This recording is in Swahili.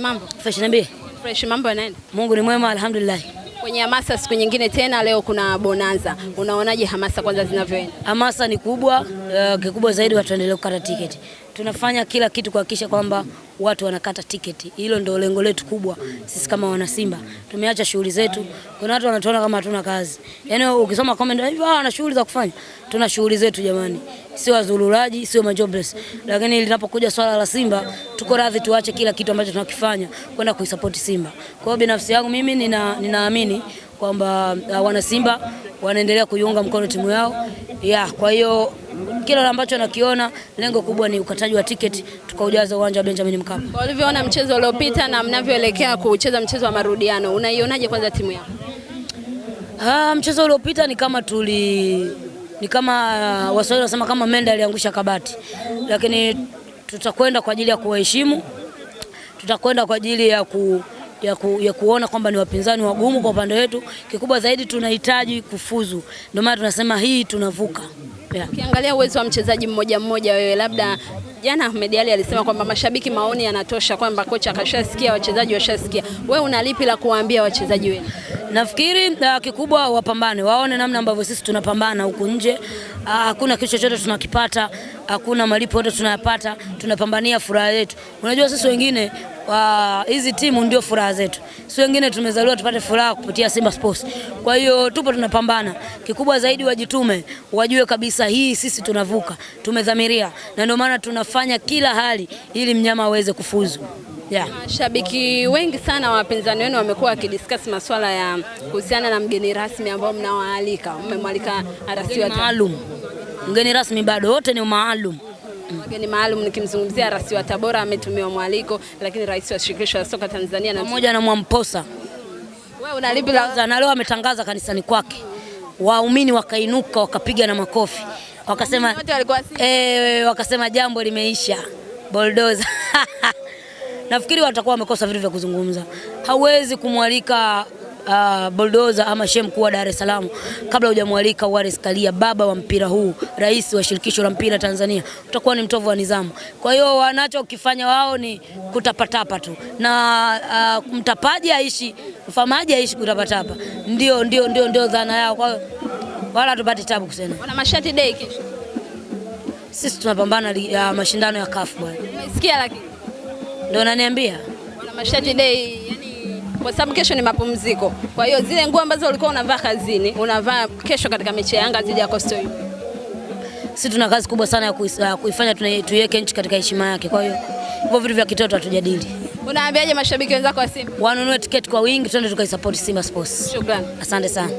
Mambo fresh niambie. Fresh mambo yanaenda? Mungu ni mwema alhamdulillah. Kwenye hamasa siku nyingine tena, leo kuna bonanza. Unaonaje hamasa kwanza zinavyoenda? Hamasa ni kubwa, uh, kikubwa zaidi watu waendelee kukata tiketi tunafanya kila kitu kuhakikisha kwamba watu wanakata tiketi. Hilo ndio lengo letu kubwa sisi kama wanasimba. Tumeacha shughuli zetu, kuna watu wanatuona kama hatuna kazi. Yaani ukisoma comment ah, hivi, ah, wana shughuli za kufanya. Tuna shughuli zetu jamani, si wazururaji, si majobless. Lakini linapokuja swala la Simba tuko radhi tuache kila kitu ambacho tunakifanya kwenda kuisupport Simba. Kwa hiyo binafsi yangu mimi nina, ninaamini kwamba uh, ah, wanasimba wanaendelea kuiunga mkono timu yao ya yeah, kwa hiyo kila ambacho nakiona, lengo kubwa ni ukataji wa tiketi tukaujaza uwanja wa Benjamin Mkapa. Kwa mchezo uliopita na mnavyoelekea kucheza mchezo wa marudiano, unaionaje kwanza timu yako? Ah, mchezo uliopita ni kama tuli ni kama uh, Waswahili wanasema kama menda aliangusha kabati, lakini tutakwenda kwa ajili ya kuwaheshimu, tutakwenda kwa ajili ya ku ya, ku, ya kuona kwamba ni wapinzani wagumu kwa upande wetu. Kikubwa zaidi tunahitaji kufuzu, ndio maana tunasema hii tunavuka. Ukiangalia yeah, uwezo wa mchezaji mmoja mmoja, wewe labda jana Ahmed Ally alisema kwamba mashabiki maoni yanatosha, kwamba kocha akashasikia, wachezaji washasikia. Wewe una lipi la kuwaambia wachezaji wenu? Nafikiri uh, kikubwa wapambane, waone namna ambavyo sisi tunapambana huku nje. Uh, hakuna kitu chochote tunakipata, hakuna malipo yote tunayapata, tunapambania furaha yetu. Unajua sisi wengine hizi timu ndio furaha zetu, si wengine. Tumezaliwa tupate furaha kupitia Simba Sports. Kwa hiyo tupo tunapambana, kikubwa zaidi wajitume, wajue kabisa hii sisi tunavuka, tumedhamiria, na ndio maana tunafanya kila hali ili mnyama aweze kufuzu. Yeah. Mashabiki wengi sana wapinzani wenu wamekuwa wakidiscuss masuala ya kuhusiana na mgeni rasmi ambao mnawaalika, mmemwalika maalum. Mgeni rasmi bado wote ni maalum Mm. Wageni maalum nikimzungumzia rais wa Tabora ametumiwa mwaliko, lakini rais wa shirikisho la soka Tanzania pamoja na Mwamposa wewe lipi la na leo ametangaza kanisani kwake, waumini wakainuka wakapiga na makofi wakasema, eh, wakasema jambo limeisha Bulldozer. Nafikiri watakuwa wamekosa vitu vya kuzungumza. Hauwezi kumwalika uh, Bulldozer ama shehe mkuu wa Dar es Salaam, kabla hujamwalika Wallace Karia, baba wa mpira huu, rais wa shirikisho la mpira Tanzania, utakuwa ni mtovu wa nidhamu. Kwa hiyo wanachokifanya wao ni kutapatapa tu na uh, mtapaji aishi mfamaji aishi kutapatapa, ndio ndio ndio ndio dhana yao. Kwa hiyo wala tupate tabu kusema wana mashati day kesho, sisi tunapambana ya mashindano ya CAF bwana, ndio unaniambia. wana mashati day kwa sababu kesho ni mapumziko. Kwa hiyo zile nguo ambazo ulikuwa unavaa kazini unavaa kesho katika mechi ya Yanga dhidi ya Coastal si Sisi tuna kazi kubwa sana ya kuifanya, tuiweke nchi katika heshima yake. Kwa hiyo hivyo vitu vya kitoto hatujadili. Unaambiaje mashabiki wenzako wa Simba? Wanunue tiketi kwa wingi, twende tukaisupport Simba Sports. Shukrani, asante sana.